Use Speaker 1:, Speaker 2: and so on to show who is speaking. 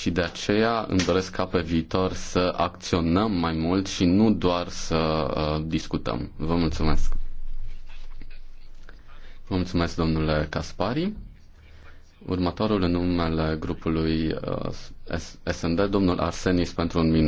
Speaker 1: și de aceea îmi doresc ca pe viitor să acționăm mai mult și nu doar să uh, discutăm. Vă mulțumesc! Vă mulțumesc, domnule Caspari. Următorul în numele grupului uh, SND, domnul Arsenis, pentru un minut.